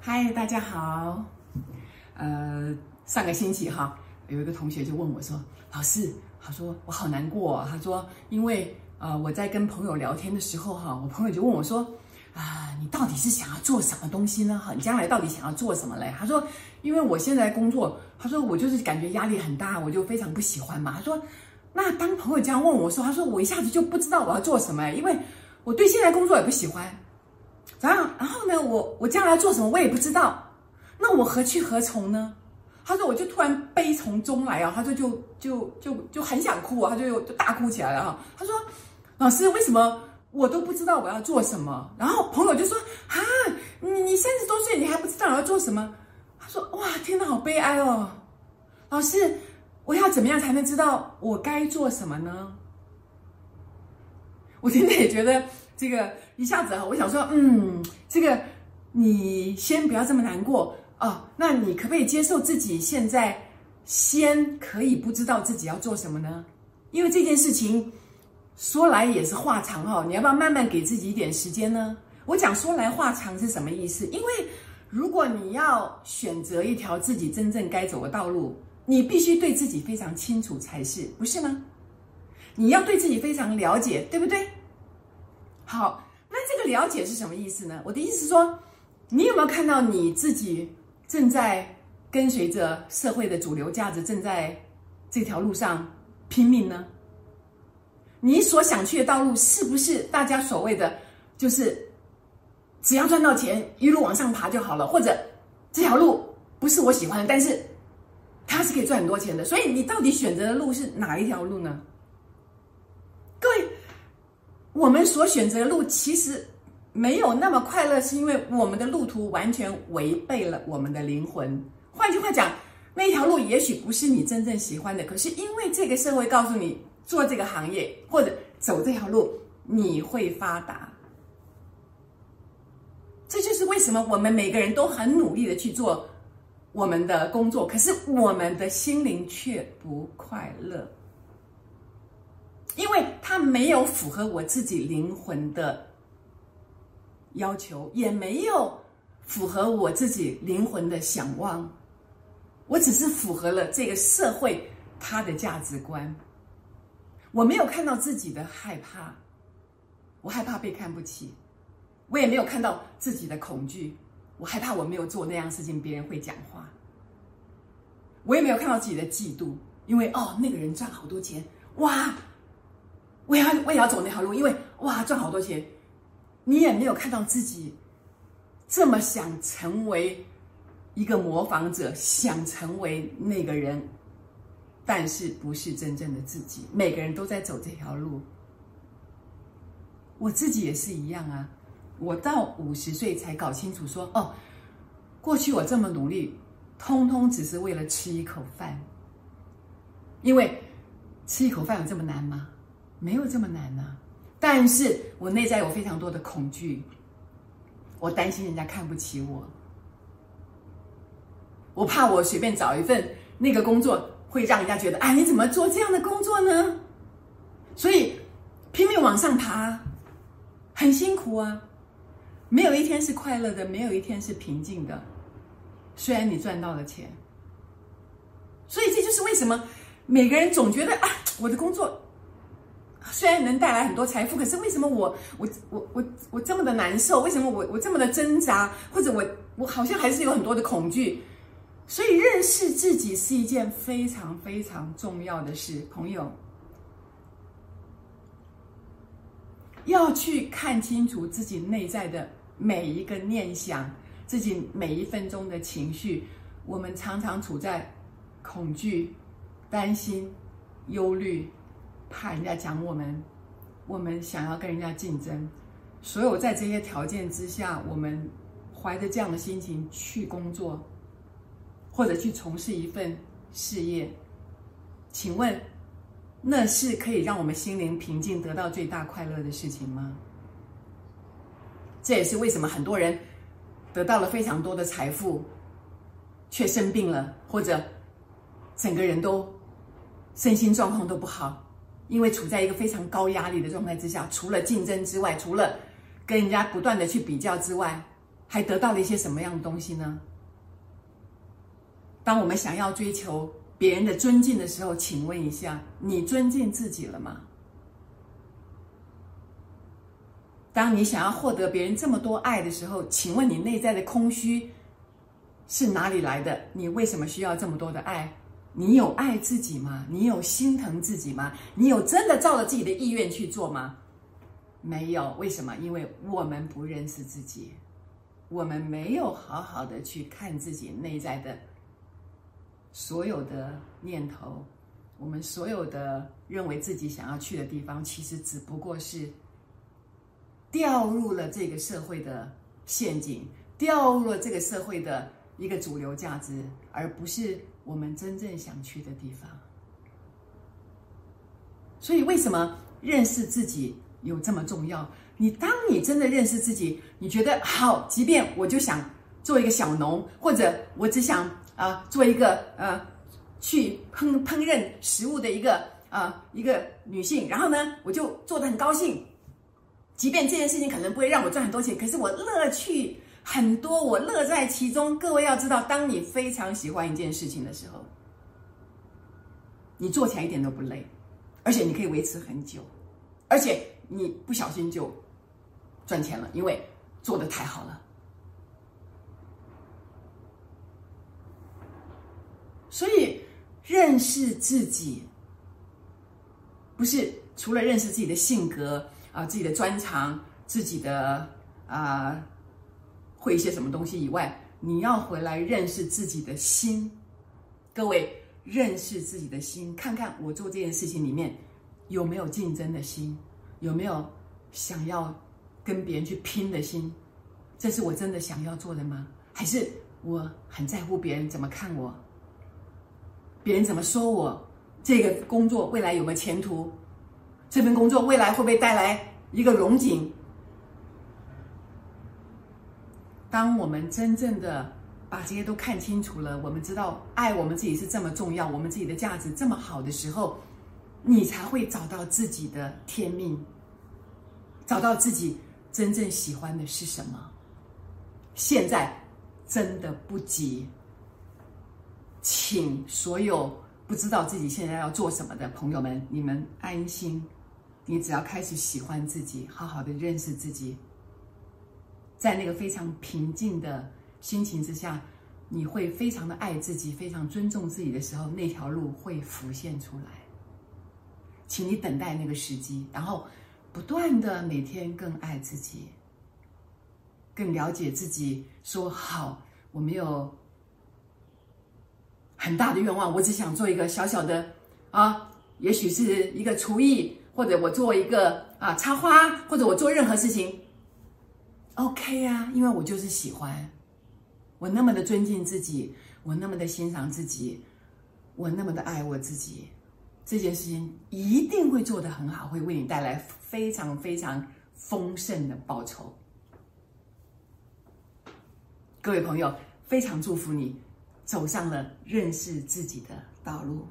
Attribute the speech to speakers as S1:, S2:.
S1: 嗨，Hi, 大家好。呃，上個星期哈，有一個同學就問我說：“老師，他說我好難過啊。他說，因為呃，我在跟朋友聊天的時候哈啊，我朋友就問我說：啊，你到底是想要做什麼東西呢？哈，你將來到底想要做什麼嘞？他說，因為我現在工作，他說我就是感覺壓力很大，我就非常不喜歡嘛。他說。那當朋友這樣問我說：“他說我一下子就不知道我要做什麼，因為我對現在工作也不喜歡。然後，然後呢，我我將來做什麼我也不知道。那我何去何從呢？”他說：“我就突然悲從中來啊！”他說：“就就就就很想哭，他就就大哭起來了哈。”他說：“老師，為什麼我都不知道我要做什麼？”然後朋友就說：“啊，你你三十多歲，你還不知道我要做什麼？”他說：“哇，天吶，好悲哀哦，老師。”我要怎麼樣才能知道我該做什麼呢？我真的也覺得這個一下子啊，我想說，嗯，這個你先不要這麼難過啊、哦。那你可不可以接受自己現在先可以不知道自己要做什麼呢？因為這件事情說來也是話長哈、哦，你要不要慢慢給自己一點時間呢？我講說來話長是什麼意思？因為如果你要選擇一條自己真正該走的道路。你必須對自己非常清楚才是，不是嗎？你要對自己非常了解，對不對？好，那這個了解是什麼意思呢？我的意思是說，你有沒有看到你自己正在跟隨着社會的主流價值，正在這條路上拼命呢？你所想去的道路，是不是大家所謂的，就是只要賺到錢，一路往上爬就好了？或者這條路不是我喜歡的，但是。他是可以賺很多錢的，所以你到底選擇的路是哪一條路呢？各位，我們所選擇的路其實沒有那麼快樂，是因為我們的路途完全違背了我們的靈魂。換句話講，那一條路也許不是你真正喜歡的，可是因為這個社會告訴你，做這個行業，或者走這條路，你會發達。這就是為什麼我們每個人都很努力的去做。我們的工作，可是我們的心靈卻不快樂，因為他沒有符合我自己靈魂的要求，也沒有符合我自己靈魂的想望。我只是符合了這個社會他的價值觀，我沒有看到自己的害怕，我害怕被看不起，我也沒有看到自己的恐懼。我害怕我沒有做那樣事情，別人會講話。我也沒有看到自己的嫉妒，因為哦，那個人賺好多錢，哇！我也要，我也要走那條路，因為哇，賺好多錢。你也沒有看到自己這麼想成為一個模仿者，想成為那個人，但是不是真正的自己。每個人都在走這條路，我自己也是一樣啊。我到五十歲才搞清楚說，哦，過去我這麼努力，通通只是為了吃一口飯。因為吃一口飯有這麼難嗎？沒有這麼難吶。但是我內在有非常多的恐懼，我擔心人家看不起我，我怕我隨便找一份那個工作會讓人家覺得，哎，你怎麼做這樣的工作呢？所以拼命往上爬，很辛苦啊。沒有一天是快樂的，沒有一天是平靜的，雖然你賺到了錢。所以這就是為什麼每個人總覺得啊，我的工作雖然能帶來很多財富，可是為什麼我我我我我這麼的難受？為什麼我我這麼的掙扎？或者我我好像還是有很多的恐懼？所以認識自己是一件非常非常重要的事，朋友，要去看清楚自己內在的。每一個念想，自己每一分鐘的情緒，我們常常處在恐懼、擔心、憂慮，怕人家講我們，我們想要跟人家競爭。所有在這些條件之下，我們懷着這樣的心情去工作，或者去從事一份事業，請問，那是可以讓我們心靈平靜、得到最大快樂的事情嗎？這也是為什麼很多人得到了非常多的財富，卻生病了，或者整個人都身心狀況都不好，因為處在一個非常高壓力的狀態之下。除了競爭之外，除了跟人家不斷的去比較之外，還得到了一些什麼樣的東西呢？當我們想要追求別人的尊敬的時候，請問一下，你尊敬自己了嗎？當你想要獲得別人這麼多愛的時候，請問你內在的空虛是哪裡來的？你為什麼需要這麼多的愛？你有愛自己嗎？你有心疼自己嗎？你有真的照着自己的意願去做嗎？沒有，為什麼？因為我們不認識自己，我們沒有好好的去看自己內在的所有的念頭，我們所有的認為自己想要去的地方，其實只不過是，掉入了這個社會的陷阱，掉入了這個社會的一個主流價值，而不是我們真正想去的地方。所以，為什麼認識自己有這麼重要？你當你真的認識自己，你覺得好，即便我就想做一個小農，或者我只想啊做一個啊去烹烹飪食物的一個啊一個女性，然後呢，我就做得很高興。即便這件事情可能不會讓我賺很多錢，可是我樂趣很多，我樂在其中。各位要知道，當你非常喜歡一件事情的時候，你做起來一點都不累，而且你可以維持很久，而且你不小心就賺錢了，因為做得太好了。所以認識自己，不是除了認識自己的性格。啊，自己的專長，自己的啊、呃，會一些什麼東西以外，你要回來認識自己的心。各位，認識自己的心，看看我做這件事情裡面有沒有競爭的心，有沒有想要跟別人去拼的心。這是我真的想要做的嗎？還是我很在乎別人怎麼看我，別人怎麼說我？這個工作未來有沒有前途？這份工作未來會不會帶來一個榮景？當我們真正的把這些都看清楚了，我們知道愛我們自己是這麼重要，我們自己的價值這麼好的時候，你才會找到自己的天命，找到自己真正喜歡的是什麼。現在真的不急，請所有不知道自己現在要做什麼的朋友們，你們安心。你只要開始喜歡自己，好好的認識自己，在那個非常平靜的心情之下，你會非常的愛自己，非常尊重自己的時候，那條路會浮現出來。請你等待那個時機，然後不斷的每天更愛自己，更了解自己。說好，我沒有很大的願望，我只想做一個小小的，啊，也許是一個廚藝。或者我做一個啊插花，或者我做任何事情，OK 呀、啊，因為我就是喜歡，我那麼的尊敬自己，我那麼的欣賞自己，我那麼的愛我自己，這件事情一定會做得很好，會為你帶來非常非常豐盛的報酬。各位朋友，非常祝福你走上了認識自己的道路。